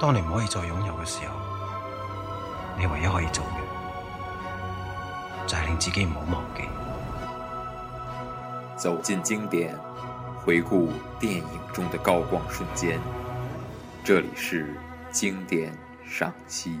當你唔可以再擁有嘅時候，你唯一可以做嘅就係、是、令自己唔好忘記。走進經典，回顧電影中的高光瞬間。這裏是經典賞析。